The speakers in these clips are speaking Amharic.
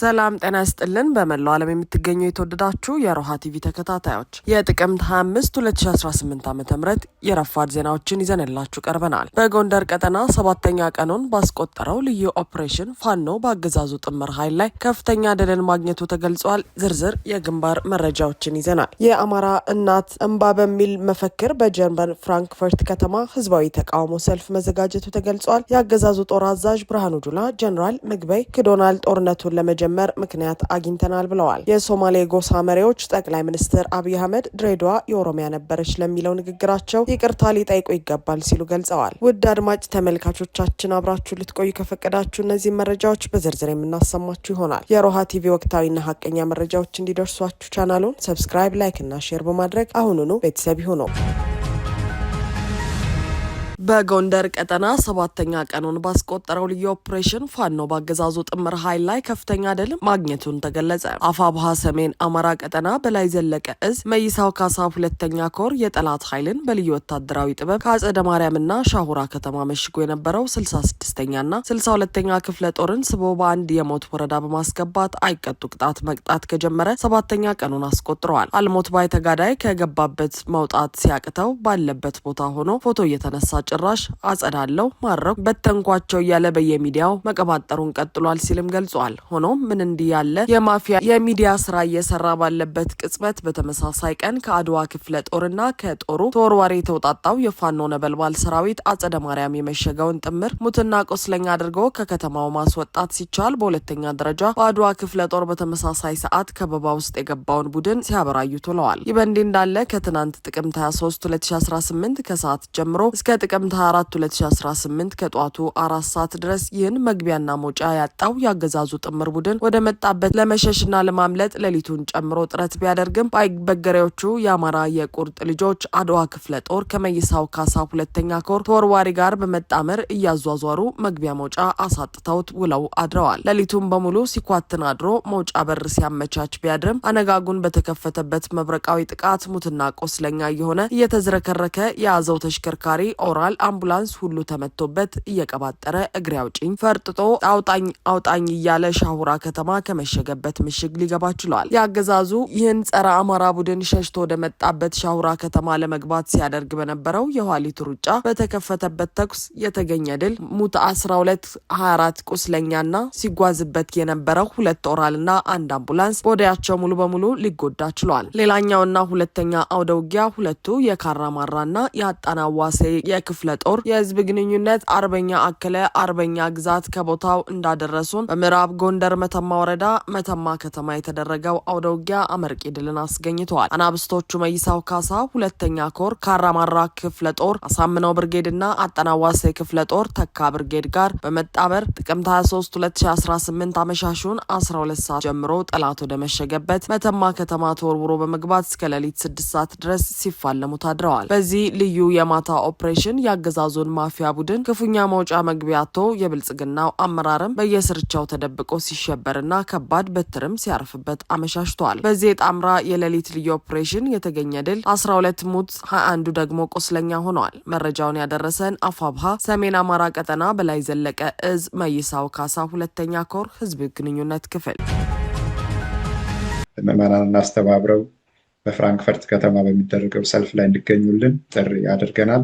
ሰላም ጤና ይስጥልን። በመላው ዓለም የምትገኙ የተወደዳችሁ የሮሃ ቲቪ ተከታታዮች የጥቅምት 25 2018 ዓ ም የረፋድ ዜናዎችን ይዘንላችሁ ቀርበናል። በጎንደር ቀጠና ሰባተኛ ቀኑን ባስቆጠረው ልዩ ኦፕሬሽን ፋኖ በአገዛዙ ጥምር ኃይል ላይ ከፍተኛ ድልን ማግኘቱ ተገልጿል። ዝርዝር የግንባር መረጃዎችን ይዘናል። የአማራ እናት እንባ በሚል መፈክር በጀርመን ፍራንክፈርት ከተማ ህዝባዊ ተቃውሞ ሰልፍ መዘጋጀቱ ተገልጿል። የአገዛዙ ጦር አዛዥ ብርሃኑ ጁላ ጀኔራል ምግበይ ክዶናል ጦርነቱን ለመጀመ እንዲጀመር ምክንያት አግኝተናል ብለዋል። የሶማሌ ጎሳ መሪዎች ጠቅላይ ሚኒስትር አብይ አህመድ ድሬዳዋ የኦሮሚያ ነበረች ለሚለው ንግግራቸው ይቅርታ ሊጠይቁ ይገባል ሲሉ ገልጸዋል። ውድ አድማጭ ተመልካቾቻችን አብራችሁ ልትቆዩ ከፈቀዳችሁ እነዚህ መረጃዎች በዝርዝር የምናሰማችሁ ይሆናል። የሮሃ ቲቪ ወቅታዊና ሀቀኛ መረጃዎች እንዲደርሷችሁ ቻናሉን ሰብስክራይብ፣ ላይክ እና ሼር በማድረግ አሁኑኑ ቤተሰብ ይሁኑ። በጎንደር ቀጠና ሰባተኛ ቀኑን ባስቆጠረው ልዩ ኦፕሬሽን ፋኖ በአገዛዙ ጥምር ኃይል ላይ ከፍተኛ ድል ማግኘቱን ተገለጸ። አፋብሃ ሰሜን አማራ ቀጠና በላይ ዘለቀ እዝ መይሳው ካሳ ሁለተኛ ኮር የጠላት ኃይልን በልዩ ወታደራዊ ጥበብ ከአጸደ ማርያምና ሻሁራ ከተማ መሽጎ የነበረው 66ኛና 62ኛ ክፍለ ጦርን ስቦ በአንድ የሞት ወረዳ በማስገባት አይቀጡ ቅጣት መቅጣት ከጀመረ ሰባተኛ ቀኑን አስቆጥረዋል። አልሞት ባይ ተጋዳይ ከገባበት መውጣት ሲያቅተው ባለበት ቦታ ሆኖ ፎቶ እየተነሳ ጭራሽ አጸዳለው ማረኩ፣ በተንኳቸው እያለ በየሚዲያው መቀባጠሩን ቀጥሏል ሲልም ገልጿል። ሆኖም ምን እንዲህ ያለ የማፊያ የሚዲያ ስራ እየሰራ ባለበት ቅጽበት በተመሳሳይ ቀን ከአድዋ ክፍለ ጦርና ከጦሩ ተወርዋሪ የተውጣጣው የፋኖ ነበልባል ሰራዊት አጸደ ማርያም የመሸገውን ጥምር ሙትና ቆስለኛ አድርጎ ከከተማው ማስወጣት ሲቻል፣ በሁለተኛ ደረጃ በአድዋ ክፍለ ጦር በተመሳሳይ ሰዓት ከበባ ውስጥ የገባውን ቡድን ሲያበራዩ ውለዋል። ይህ በእንዲህ እንዳለ ከትናንት ጥቅምት 23 2018 ከሰዓት ጀምሮ እስከ ጥቅምት ጥቅምት 24 2018 ከጠዋቱ አራት ሰዓት ድረስ ይህን መግቢያና መውጫ ያጣው የአገዛዙ ጥምር ቡድን ወደ መጣበት ለመሸሽና ለማምለጥ ሌሊቱን ጨምሮ ጥረት ቢያደርግም አይበገሬዎቹ የአማራ የቁርጥ ልጆች አድዋ ክፍለ ጦር ከመይሳው ካሳ ሁለተኛ ኮር ተወርዋሪ ጋር በመጣመር እያዟዟሩ መግቢያ መውጫ አሳጥተውት ውለው አድረዋል። ሌሊቱን በሙሉ ሲኳትን አድሮ መውጫ በር ሲያመቻች ቢያድርም አነጋጉን በተከፈተበት መብረቃዊ ጥቃት ሙትና ቆስለኛ የሆነ እየተዝረከረከ የያዘው ተሽከርካሪ ኦራል አምቡላንስ ሁሉ ተመቶበት እየቀባጠረ እግሬ አውጪኝ ፈርጥጦ አውጣኝ አውጣኝ እያለ ሻሁራ ከተማ ከመሸገበት ምሽግ ሊገባ ችሏል። የአገዛዙ ይህን ጸረ አማራ ቡድን ሸሽቶ ወደመጣበት ሻሁራ ከተማ ለመግባት ሲያደርግ በነበረው የኋሊት ሩጫ በተከፈተበት ተኩስ የተገኘ ድል ሙት 12 24 ቁስለኛና ሲጓዝበት የነበረው ሁለት ኦራልና አንድ አምቡላንስ ወዲያቸው ሙሉ በሙሉ ሊጎዳ ችሏል። ሌላኛውና ሁለተኛ አውደ ውጊያ ሁለቱ የካራማራና የአጣናዋሴ የክፍ ክፍለ ጦር የህዝብ ግንኙነት አርበኛ አከለ አርበኛ ግዛት ከቦታው እንዳደረሱን በምዕራብ ጎንደር መተማ ወረዳ መተማ ከተማ የተደረገው ውጊያ አመርቂ ድልን አስገኝተዋል። አናብስቶቹ መይሳው ካሳ ሁለተኛ ኮር ካራማራ ክፍለ ጦር አሳምነው ብርጌድና አጠናዋሴ ክፍለ ጦር ተካ ብርጌድ ጋር በመጣበር ጥቅምት 23 2018 አመሻሹን 12 ሰዓት ጀምሮ ጠላት ወደ መሸገበት መተማ ከተማ ተወርውሮ በመግባት እስከ ሌሊት 6 ሰዓት ድረስ ሲፋለሙ ታድረዋል። በዚህ ልዩ የማታ ኦፕሬሽን የአገዛዙን ማፊያ ቡድን ክፉኛ መውጫ መግቢያ አቶ የብልጽግናው አመራርም በየስርቻው ተደብቆ ሲሸበርና ከባድ በትርም ሲያርፍበት አመሻሽተዋል። በዚህ የጣምራ የሌሊት ልዩ ኦፕሬሽን የተገኘ ድል 12 ሙት፣ ደግሞ ቆስለኛ ሆነዋል። መረጃውን ያደረሰን አፋብሃ ሰሜን አማራ ቀጠና በላይ ዘለቀ እዝ መይሳው ካሳ ሁለተኛ ኮር ህዝብ ግንኙነት ክፍል ምዕመናን እናስተባብረው በፍራንክፈርት ከተማ በሚደረገው ሰልፍ ላይ እንዲገኙልን ጥሪ አድርገናል።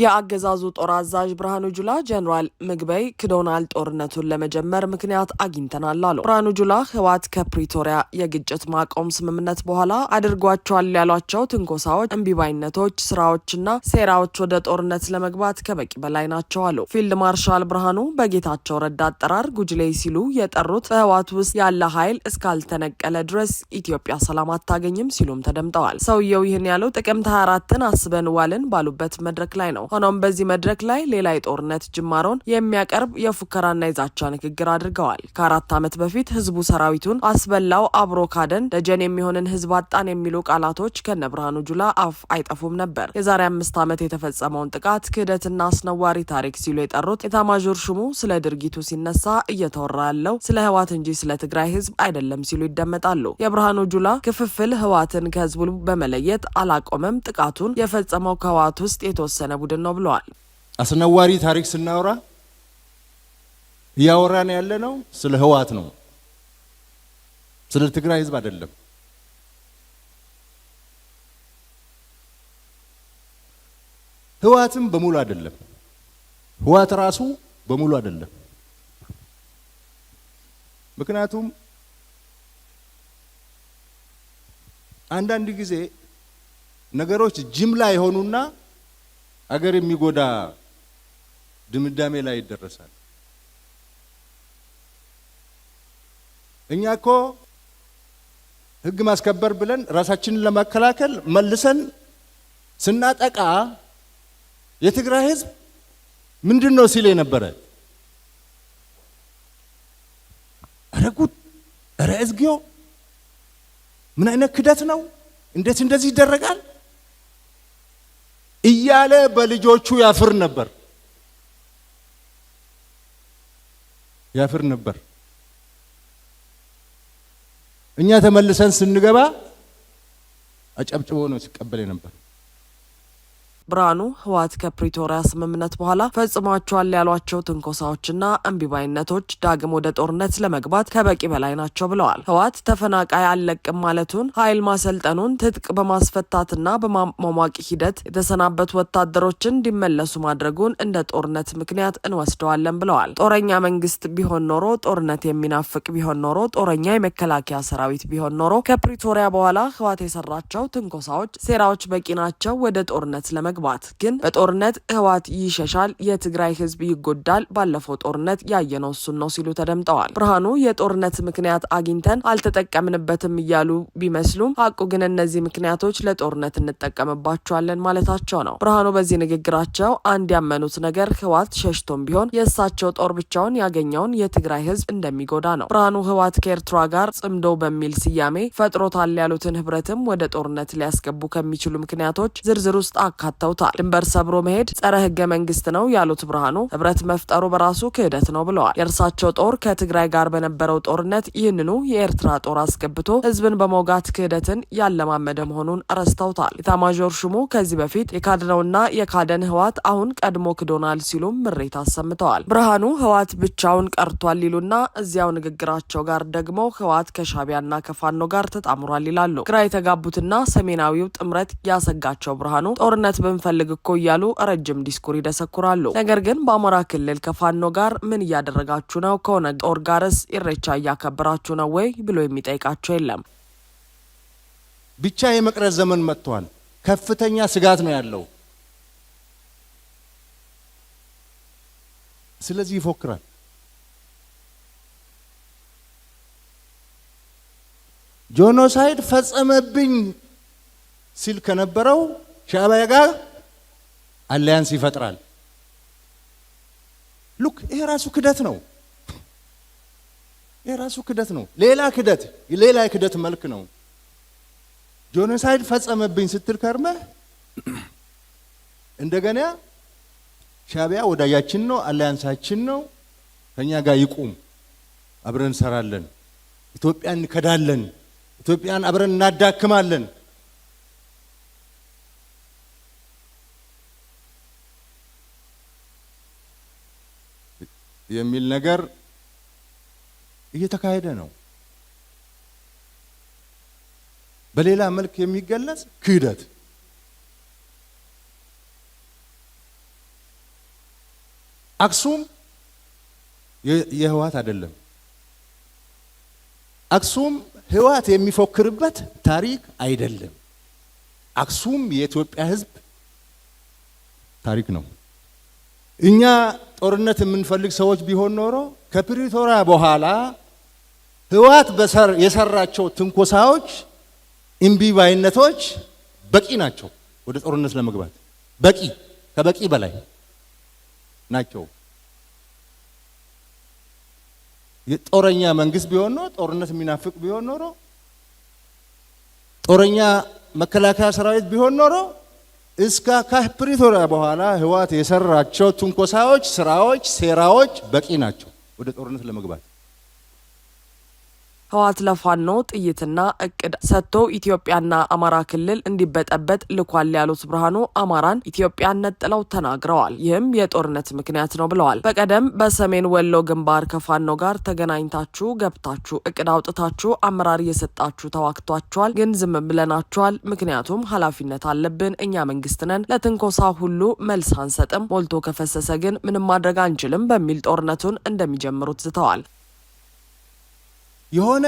የአገዛዙ ጦር አዛዥ ብርሃኑ ጁላ ጀኔራል ምግበይ ክዶናል ጦርነቱን ለመጀመር ምክንያት አግኝተናል አሉ። ብርሃኑ ጁላ ህወሓት ከፕሪቶሪያ የግጭት ማቆም ስምምነት በኋላ አድርጓቸዋል ያሏቸው ትንኮሳዎች፣ እምቢባይነቶች፣ ስራዎችና ሴራዎች ወደ ጦርነት ለመግባት ከበቂ በላይ ናቸው አሉ። ፊልድ ማርሻል ብርሃኑ በጌታቸው ረዳ አጠራር ጉጅሌ ሲሉ የጠሩት በህወሓት ውስጥ ያለ ኃይል እስካልተነቀለ ድረስ ኢትዮጵያ ሰላም አታገኝም ሲሉም ተደምጠዋል። ሰውየው ይህን ያለው ጥቅምት 24ን አስበን ዋልን ባሉበት መድረክ ላይ ነው። ሆኖም በዚህ መድረክ ላይ ሌላ የጦርነት ጅማሮን የሚያቀርብ የፉከራና የዛቻ ንግግር አድርገዋል። ከአራት ዓመት በፊት ህዝቡ ሰራዊቱን አስበላው፣ አብሮ ካደን፣ ደጀን የሚሆንን ህዝብ አጣን የሚሉ ቃላቶች ከነ ብርሃኑ ጁላ አፍ አይጠፉም ነበር። የዛሬ አምስት ዓመት የተፈጸመውን ጥቃት ክህደትና አስነዋሪ ታሪክ ሲሉ የጠሩት የታማዦር ሹሙ ስለ ድርጊቱ ሲነሳ እየተወራ ያለው ስለ ህዋት እንጂ ስለ ትግራይ ህዝብ አይደለም ሲሉ ይደመጣሉ። የብርሃኑ ጁላ ክፍፍል ህዋትን ከህዝቡ በመለየት አላቆመም፣ ጥቃቱን የፈጸመው ከህዋት ውስጥ የተወሰነ ቡድን እየተካሄድን ነው ብለዋል። አስነዋሪ ታሪክ ስናወራ እያወራን ያለ ነው ስለ ህወሓት ነው፣ ስለ ትግራይ ህዝብ አይደለም። ህወሓትም በሙሉ አይደለም። ህወሓት ራሱ በሙሉ አይደለም። ምክንያቱም አንዳንድ ጊዜ ነገሮች ጅምላ የሆኑና አገር የሚጎዳ ድምዳሜ ላይ ይደረሳል። እኛ እኮ ማስከበር ብለን ራሳችንን ለማከላከል መልሰን ስናጠቃ የትግራይ ህዝብ ምንድን ነው ሲል የነበረ ኧረ ጉድ ኧረ እዝጊዮ ምን አይነት ክደት ነው? እንዴት እንደዚህ ይደረጋል? እያለ በልጆቹ ያፍር ነበር ያፍር ነበር። እኛ ተመልሰን ስንገባ አጨብጭቦ ነው ሲቀበል ነበር። ብርሃኑ ህወሓት ከፕሪቶሪያ ስምምነት በኋላ ፈጽሟቸዋል ያሏቸው ትንኮሳዎችና እምቢባይነቶች ዳግም ወደ ጦርነት ለመግባት ከበቂ በላይ ናቸው ብለዋል። ህወሓት ተፈናቃይ አልለቅም ማለቱን፣ ኃይል ማሰልጠኑን፣ ትጥቅ በማስፈታትና በማሟሟቂ ሂደት የተሰናበቱ ወታደሮችን እንዲመለሱ ማድረጉን እንደ ጦርነት ምክንያት እንወስደዋለን ብለዋል። ጦረኛ መንግስት ቢሆን ኖሮ፣ ጦርነት የሚናፍቅ ቢሆን ኖሮ፣ ጦረኛ የመከላከያ ሰራዊት ቢሆን ኖሮ ከፕሪቶሪያ በኋላ ህወሓት የሰራቸው ትንኮሳዎች፣ ሴራዎች በቂ ናቸው ወደ ጦርነት ለመ መግባት ግን በጦርነት ህዋት ይሸሻል፣ የትግራይ ህዝብ ይጎዳል፣ ባለፈው ጦርነት ያየነው እሱን ነው ሲሉ ተደምጠዋል። ብርሃኑ የጦርነት ምክንያት አግኝተን አልተጠቀምንበትም እያሉ ቢመስሉም ሀቁ ግን እነዚህ ምክንያቶች ለጦርነት እንጠቀምባቸዋለን ማለታቸው ነው። ብርሃኑ በዚህ ንግግራቸው አንድ ያመኑት ነገር ህዋት ሸሽቶም ቢሆን የእሳቸው ጦር ብቻውን ያገኘውን የትግራይ ህዝብ እንደሚጎዳ ነው። ብርሃኑ ህዋት ከኤርትራ ጋር ጽምዶ በሚል ስያሜ ፈጥሮታል ያሉትን ህብረትም ወደ ጦርነት ሊያስገቡ ከሚችሉ ምክንያቶች ዝርዝር ውስጥ አካተው አስረድተውታል። ድንበር ሰብሮ መሄድ ጸረ ህገ መንግስት ነው ያሉት ብርሃኑ ህብረት መፍጠሩ በራሱ ክህደት ነው ብለዋል። የእርሳቸው ጦር ከትግራይ ጋር በነበረው ጦርነት ይህንኑ የኤርትራ ጦር አስገብቶ ህዝብን በመውጋት ክህደትን ያለማመደ መሆኑን ረስተውታል። ኢታማዦር ሹሙ ከዚህ በፊት የካድነውና የካደን ህዋት አሁን ቀድሞ ክዶናል ሲሉም ምሬት አሰምተዋል። ብርሃኑ ህዋት ብቻውን ቀርቷል ይሉና እዚያው ንግግራቸው ጋር ደግሞ ህዋት ከሻቢያና ከፋኖ ጋር ተጣምሯል ይላሉ። ግራ የተጋቡትና ሰሜናዊው ጥምረት ያሰጋቸው ብርሃኑ ጦርነት እንፈልግ እኮ እያሉ ረጅም ዲስኩር ይደሰኩራሉ። ነገር ግን በአማራ ክልል ከፋኖ ጋር ምን እያደረጋችሁ ነው? ከሆነ ጦር ጋርስ ኢሬቻ እያከበራችሁ ነው ወይ ብሎ የሚጠይቃቸው የለም። ብቻ የመቅረት ዘመን መጥቷል። ከፍተኛ ስጋት ነው ያለው። ስለዚህ ይፎክራል። ጆኖሳይድ ፈጸመብኝ ሲል ከነበረው ሻዕቢያ ጋር አለያንስ ይፈጥራል። ሉክ ይሄ ራሱ ክደት ነው። ይሄ ራሱ ክደት ነው። ሌላ ክደት፣ ሌላ የክደት መልክ ነው። ጆኖሳይድ ፈጸመብኝ ስትል ከርመህ እንደገና ሻዕቢያ ወዳጃችን ነው፣ አለያንሳችን ነው፣ ከኛ ጋር ይቁም፣ አብረን እንሰራለን፣ ኢትዮጵያን እንከዳለን፣ ኢትዮጵያን አብረን እናዳክማለን የሚል ነገር እየተካሄደ ነው። በሌላ መልክ የሚገለጽ ክህደት አክሱም የህወሓት አይደለም። አክሱም ህወሓት የሚፎክርበት ታሪክ አይደለም። አክሱም የኢትዮጵያ ህዝብ ታሪክ ነው። እኛ ጦርነት የምንፈልግ ሰዎች ቢሆን ኖሮ ከፕሪቶሪያ በኋላ ህወሓት የሰራቸው ትንኮሳዎች፣ እምቢባይነቶች በቂ ናቸው። ወደ ጦርነት ለመግባት በቂ ከበቂ በላይ ናቸው። የጦረኛ መንግስት ቢሆን ኖሮ ጦርነት የሚናፍቅ ቢሆን ኖሮ ጦረኛ መከላከያ ሰራዊት ቢሆን ኖሮ እስከ ከፕሪቶሪያ በኋላ ህዋት የሰራቸው ትንኮሳዎች፣ ስራዎች፣ ሴራዎች በቂ ናቸው ወደ ጦርነት ለመግባት ህወሓት ለፋኖ ጥይትና እቅድ ሰጥቶ ኢትዮጵያና አማራ ክልል እንዲበጠበጥ ልኳል ያሉት ብርሃኑ አማራን ኢትዮጵያን ነጥለው ተናግረዋል። ይህም የጦርነት ምክንያት ነው ብለዋል። በቀደም በሰሜን ወሎ ግንባር ከፋኖ ጋር ተገናኝታችሁ ገብታችሁ እቅድ አውጥታችሁ አመራር እየሰጣችሁ ተዋክቷችኋል። ግን ዝም ብለናችኋል። ምክንያቱም ኃላፊነት አለብን። እኛ መንግስት ነን። ለትንኮሳ ሁሉ መልስ አንሰጥም። ሞልቶ ከፈሰሰ ግን ምንም ማድረግ አንችልም በሚል ጦርነቱን እንደሚጀምሩት ዝተዋል። የሆነ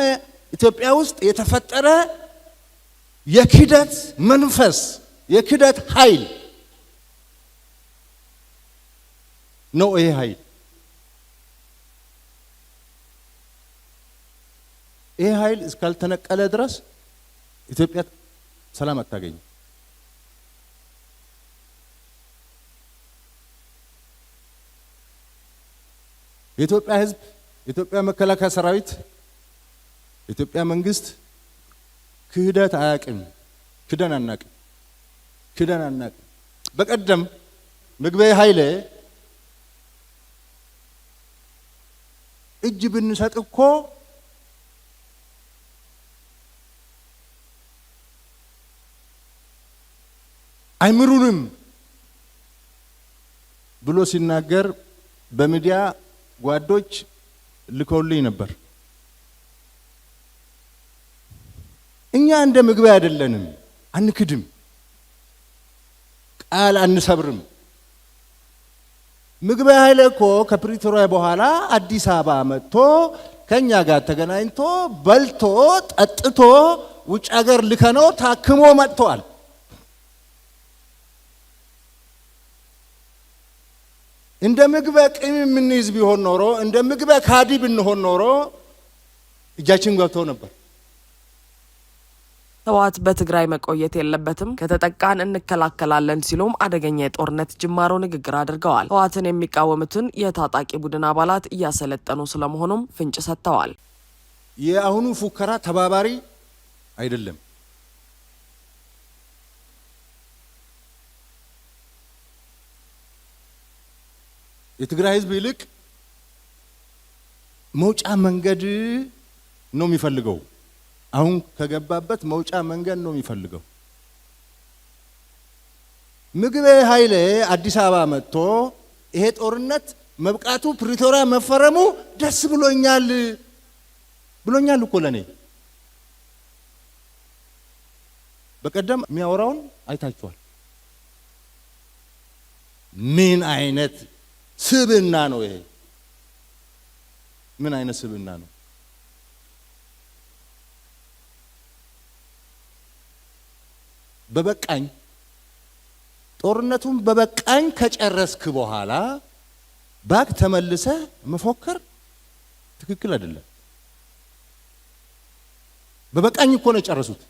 ኢትዮጵያ ውስጥ የተፈጠረ የክደት መንፈስ የክደት ኃይል ነው። ይሄ ኃይል ይሄ ኃይል እስካልተነቀለ ድረስ ኢትዮጵያ ሰላም አታገኝ የኢትዮጵያ ሕዝብ የኢትዮጵያ መከላከያ ሰራዊት የኢትዮጵያ መንግስት ክህደት አያቅም። ክደን አናቅም። ክደን አናቅም። በቀደም ምግበይ ኃይሌ እጅ ብንሰጥ እኮ አይምሩንም ብሎ ሲናገር በሚዲያ ጓዶች ልኮልኝ ነበር። እኛ እንደ ምግብ አይደለንም፣ አንክድም፣ ቃል አንሰብርም። ምግብ ኃይለ እኮ ከፕሪቶሪያ በኋላ አዲስ አበባ መጥቶ ከእኛ ጋር ተገናኝቶ በልቶ ጠጥቶ ውጭ ሀገር ልከነው ታክሞ መጥተዋል። እንደ ምግበ ቅም የምንይዝ ቢሆን ኖሮ እንደ ምግበ ካዲ ብንሆን ኖሮ እጃችን ገብተው ነበር። ህወሓት በትግራይ መቆየት የለበትም፣ ከተጠቃን እንከላከላለን ሲሉም አደገኛ የጦርነት ጅማሮ ንግግር አድርገዋል። ህወሓትን የሚቃወሙትን የታጣቂ ቡድን አባላት እያሰለጠኑ ስለመሆኑም ፍንጭ ሰጥተዋል። የአሁኑ ፉከራ ተባባሪ አይደለም። የትግራይ ህዝብ ይልቅ መውጫ መንገድ ነው የሚፈልገው። አሁን ከገባበት መውጫ መንገድ ነው የሚፈልገው። ምግቤ ኃይሌ አዲስ አበባ መጥቶ ይሄ ጦርነት መብቃቱ ፕሪቶሪያ መፈረሙ ደስ ብሎኛል ብሎኛል እኮ ለእኔ። በቀደም የሚያወራውን አይታችኋል። ምን አይነት ስብና ነው ይሄ? ምን አይነት ስብና ነው? በበቃኝ ጦርነቱን በበቃኝ ከጨረስክ በኋላ ባክ ተመልሰ መፎከር ትክክል አይደለም። በበቃኝ እኮ ነው የጨረሱት።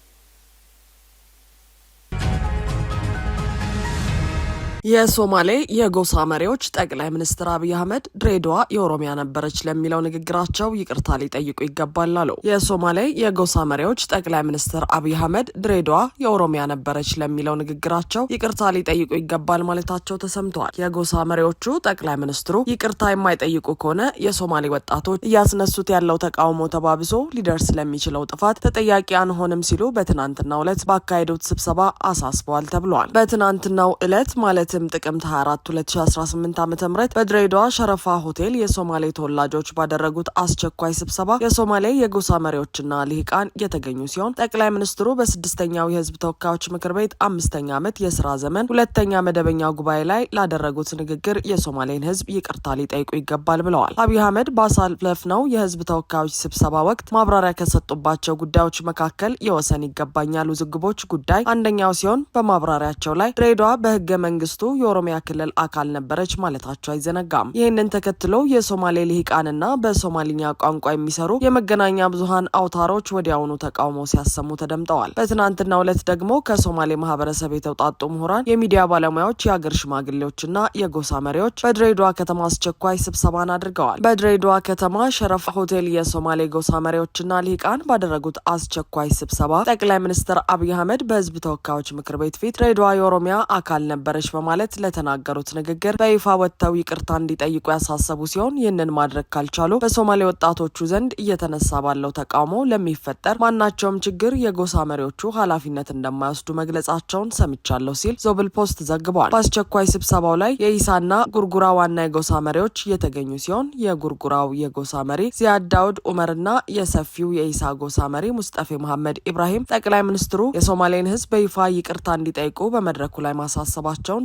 የሶማሌ የጎሳ መሪዎች ጠቅላይ ሚኒስትር አብይ አህመድ ድሬዳዋ የኦሮሚያ ነበረች ለሚለው ንግግራቸው ይቅርታ ሊጠይቁ ይገባል አሉ። የሶማሌ የጎሳ መሪዎች ጠቅላይ ሚኒስትር አብይ አህመድ ድሬዳዋ የኦሮሚያ ነበረች ለሚለው ንግግራቸው ይቅርታ ሊጠይቁ ይገባል ማለታቸው ተሰምተዋል። የጎሳ መሪዎቹ ጠቅላይ ሚኒስትሩ ይቅርታ የማይጠይቁ ከሆነ የሶማሌ ወጣቶች እያስነሱት ያለው ተቃውሞ ተባብሶ ሊደርስ ለሚችለው ጥፋት ተጠያቂ አንሆንም ሲሉ በትናንትናው ዕለት ባካሄዱት ስብሰባ አሳስበዋል ተብለዋል። በትናንትናው ዕለት ማለት ማለትም ጥቅምት 24 2018 ዓ ም በድሬዳዋ ሸረፋ ሆቴል የሶማሌ ተወላጆች ባደረጉት አስቸኳይ ስብሰባ የሶማሌ የጎሳ መሪዎችና ልሂቃን የተገኙ ሲሆን ጠቅላይ ሚኒስትሩ በስድስተኛው የህዝብ ተወካዮች ምክር ቤት አምስተኛ ዓመት የስራ ዘመን ሁለተኛ መደበኛ ጉባኤ ላይ ላደረጉት ንግግር የሶማሌን ህዝብ ይቅርታ ሊጠይቁ ይገባል ብለዋል። አብይ አህመድ ባሳለፍነው የህዝብ ተወካዮች ስብሰባ ወቅት ማብራሪያ ከሰጡባቸው ጉዳዮች መካከል የወሰን ይገባኛል ውዝግቦች ጉዳይ አንደኛው ሲሆን በማብራሪያቸው ላይ ድሬዳዋ በህገ መንግስቱ መንግስቱ የኦሮሚያ ክልል አካል ነበረች ማለታቸው አይዘነጋም። ይህንን ተከትሎ የሶማሌ ልሂቃንና በሶማሊኛ ቋንቋ የሚሰሩ የመገናኛ ብዙሀን አውታሮች ወዲያውኑ ተቃውሞ ሲያሰሙ ተደምጠዋል። በትናንትናው ዕለት ደግሞ ከሶማሌ ማህበረሰብ የተውጣጡ ምሁራን፣ የሚዲያ ባለሙያዎች፣ የአገር ሽማግሌዎችና የጎሳ መሪዎች በድሬዳዋ ከተማ አስቸኳይ ስብሰባን አድርገዋል። በድሬዳዋ ከተማ ሸረፍ ሆቴል የሶማሌ ጎሳ መሪዎችና ልሂቃን ባደረጉት አስቸኳይ ስብሰባ ጠቅላይ ሚኒስትር አብይ አህመድ በህዝብ ተወካዮች ምክር ቤት ፊት ድሬዳዋ የኦሮሚያ አካል ነበረች በማ በማለት ለተናገሩት ንግግር በይፋ ወጥተው ይቅርታ እንዲጠይቁ ያሳሰቡ ሲሆን ይህንን ማድረግ ካልቻሉ በሶማሌ ወጣቶቹ ዘንድ እየተነሳ ባለው ተቃውሞ ለሚፈጠር ማናቸውም ችግር የጎሳ መሪዎቹ ኃላፊነት እንደማይወስዱ መግለጻቸውን ሰምቻለሁ ሲል ዞብል ፖስት ዘግቧል። በአስቸኳይ ስብሰባው ላይ የኢሳና ጉርጉራ ዋና የጎሳ መሪዎች የተገኙ ሲሆን የጉርጉራው የጎሳ መሪ ዚያድ ዳውድ ኡመርና የሰፊው የኢሳ ጎሳ መሪ ሙስጠፌ መሐመድ ኢብራሂም ጠቅላይ ሚኒስትሩ የሶማሌን ሕዝብ በይፋ ይቅርታ እንዲጠይቁ በመድረኩ ላይ ማሳሰባቸውን